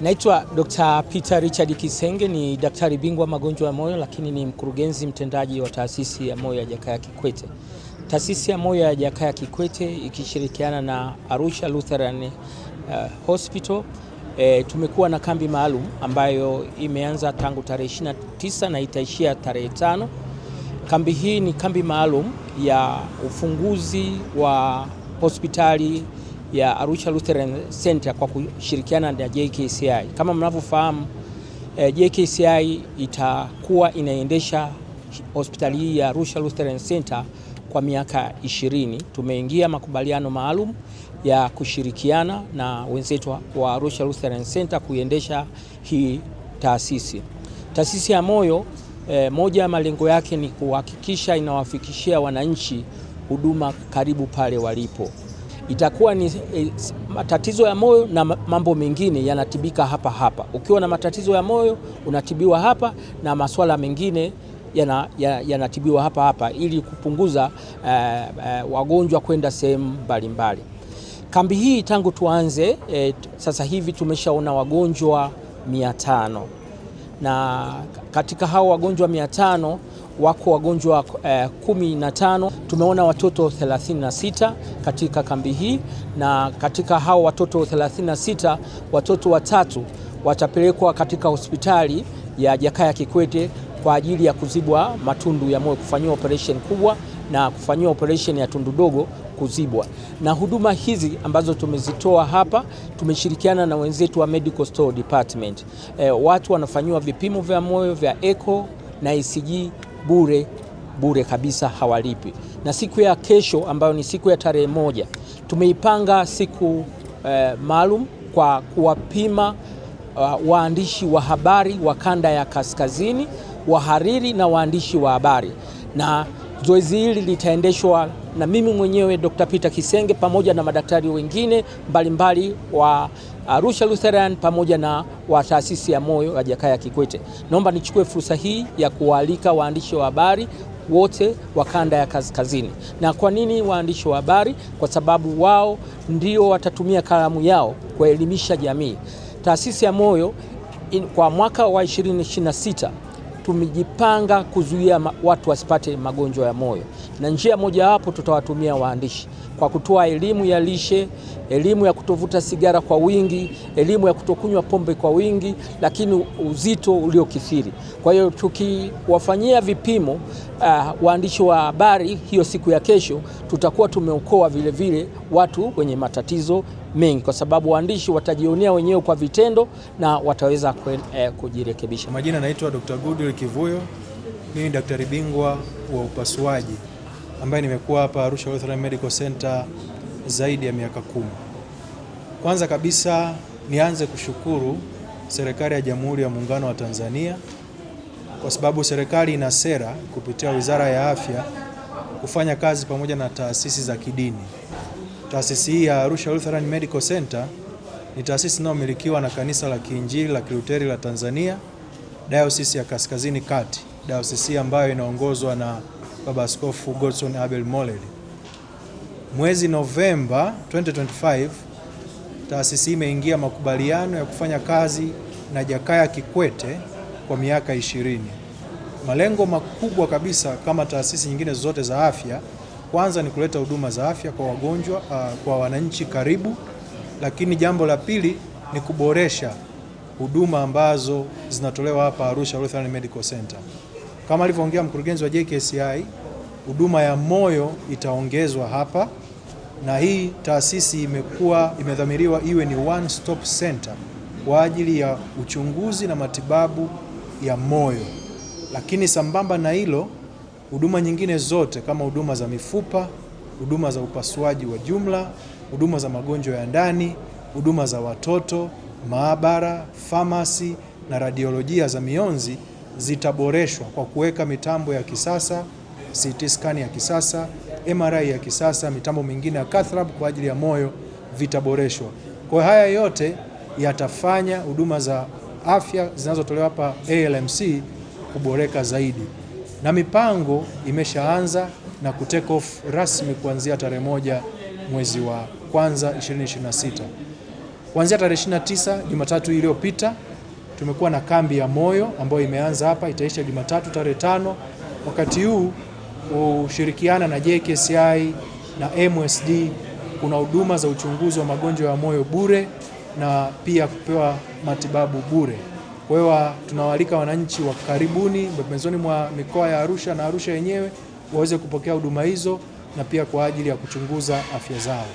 Naitwa Dr. Peter Richard Kisenge, ni daktari bingwa magonjwa ya moyo, lakini ni mkurugenzi mtendaji wa taasisi ya moyo ya Jakaya Kikwete. Taasisi ya moyo ya Jakaya Kikwete ikishirikiana na Arusha Lutheran uh, Hospital E, tumekuwa na kambi maalum ambayo imeanza tangu tarehe 29 na itaishia tarehe tano. Kambi hii ni kambi maalum ya ufunguzi wa hospitali ya Arusha Lutheran Center kwa kushirikiana na JKCI. Kama mnavyofahamu eh, JKCI itakuwa inaendesha hospitali hii ya Arusha Lutheran Center kwa miaka ishirini. Tumeingia makubaliano maalum ya kushirikiana na wenzetu wa Arusha Lutheran Center kuiendesha hii taasisi. Taasisi ya moyo eh, moja ya malengo yake ni kuhakikisha inawafikishia wananchi huduma karibu pale walipo itakuwa ni e, matatizo ya moyo na mambo mengine yanatibika hapa hapa. Ukiwa na matatizo ya moyo unatibiwa hapa na masuala mengine yanatibiwa ya, ya hapa hapa ili kupunguza eh, eh, wagonjwa kwenda sehemu mbalimbali. Kambi hii tangu tuanze e, sasa hivi tumeshaona wagonjwa mia tano na katika hao wagonjwa mia tano wako wagonjwa eh, kumi na tano. Tumeona watoto 36 katika kambi hii, na katika hao watoto 36 watoto watatu watapelekwa katika hospitali ya Jakaya Kikwete kwa ajili ya kuzibwa matundu ya moyo, kufanyiwa operation kubwa na kufanyiwa operation ya tundu dogo kuzibwa. Na huduma hizi ambazo tumezitoa hapa, tumeshirikiana na wenzetu wa Medical Store Department. Eh, watu wanafanyiwa vipimo vya moyo vya echo na ECG bure bure kabisa, hawalipi. Na siku ya kesho ambayo ni siku ya tarehe moja tumeipanga siku eh, maalum kwa kuwapima uh, waandishi wa habari wa kanda ya kaskazini, wahariri na waandishi wa habari, na zoezi hili litaendeshwa na mimi mwenyewe Dr. Peter Kisenge pamoja na madaktari wengine mbalimbali mbali wa Arusha Lutheran pamoja na wa taasisi ya moyo ya Jakaya Kikwete. Naomba nichukue fursa hii ya kuwaalika waandishi wa habari wote wa kanda ya kaskazini. Na kwa nini waandishi wa habari? Kwa sababu wao ndio watatumia kalamu yao kuelimisha jamii. Taasisi ya moyo in, kwa mwaka wa 2026 tumejipanga kuzuia watu wasipate magonjwa ya moyo, na njia mojawapo tutawatumia waandishi kwa kutoa elimu ya lishe, elimu ya kutovuta sigara kwa wingi, elimu ya kutokunywa pombe kwa wingi, lakini uzito uliokithiri. Kwa hiyo tukiwafanyia vipimo uh, waandishi wa habari hiyo siku ya kesho, tutakuwa tumeokoa vilevile watu wenye matatizo mengi, kwa sababu waandishi watajionea wenyewe kwa vitendo na wataweza kwen, eh, kujirekebisha. Majina naitwa Dr. Goodwill Kivuyo, mimi ni daktari bingwa wa upasuaji ambaye nimekuwa hapa Arusha Lutheran Medical Center zaidi ya miaka kumi. Kwanza kabisa nianze kushukuru serikali ya Jamhuri ya Muungano wa Tanzania kwa sababu serikali ina sera kupitia Wizara ya Afya kufanya kazi pamoja na taasisi za kidini. Taasisi hii ya Arusha Lutheran Medical Center ni taasisi inayomilikiwa na kanisa la Kiinjili la Kiluteri la Tanzania, Dayosisi ya Kaskazini Kati, dayosisi ambayo inaongozwa na Baba Askofu Godson Abel moleli Mwezi Novemba 2025 taasisi imeingia makubaliano ya kufanya kazi na Jakaya Kikwete kwa miaka ishirini. Malengo makubwa kabisa kama taasisi nyingine zote za afya kwanza ni kuleta huduma za afya kwa wagonjwa, uh, kwa wananchi karibu, lakini jambo la pili ni kuboresha huduma ambazo zinatolewa hapa Arusha Lutheran Medical Center. Kama alivyoongea mkurugenzi wa JKCI, huduma ya moyo itaongezwa hapa na hii taasisi imekuwa imedhamiriwa iwe ni one stop center kwa ajili ya uchunguzi na matibabu ya moyo, lakini sambamba na hilo Huduma nyingine zote kama huduma za mifupa, huduma za upasuaji wa jumla, huduma za magonjwa ya ndani, huduma za watoto, maabara, famasi na radiolojia za mionzi zitaboreshwa kwa kuweka mitambo ya kisasa, CT scan ya kisasa, MRI ya kisasa, mitambo mingine ya cath lab kwa ajili ya moyo vitaboreshwa. Kwa haya yote yatafanya huduma za afya zinazotolewa hapa ALMC kuboreka zaidi na mipango imeshaanza na kutake off rasmi kuanzia tarehe moja mwezi wa kwanza 2026. Kuanzia tarehe 29 Jumatatu iliyopita tumekuwa na kambi ya moyo ambayo imeanza hapa, itaisha Jumatatu tarehe tano. Wakati huu kushirikiana na JKCI na MSD kuna huduma za uchunguzi wa magonjwa ya moyo bure na pia kupewa matibabu bure. Kwa hiyo tunawaalika wananchi wa karibuni pembezoni mwa mikoa ya Arusha na Arusha yenyewe waweze kupokea huduma hizo na pia kwa ajili ya kuchunguza afya zao.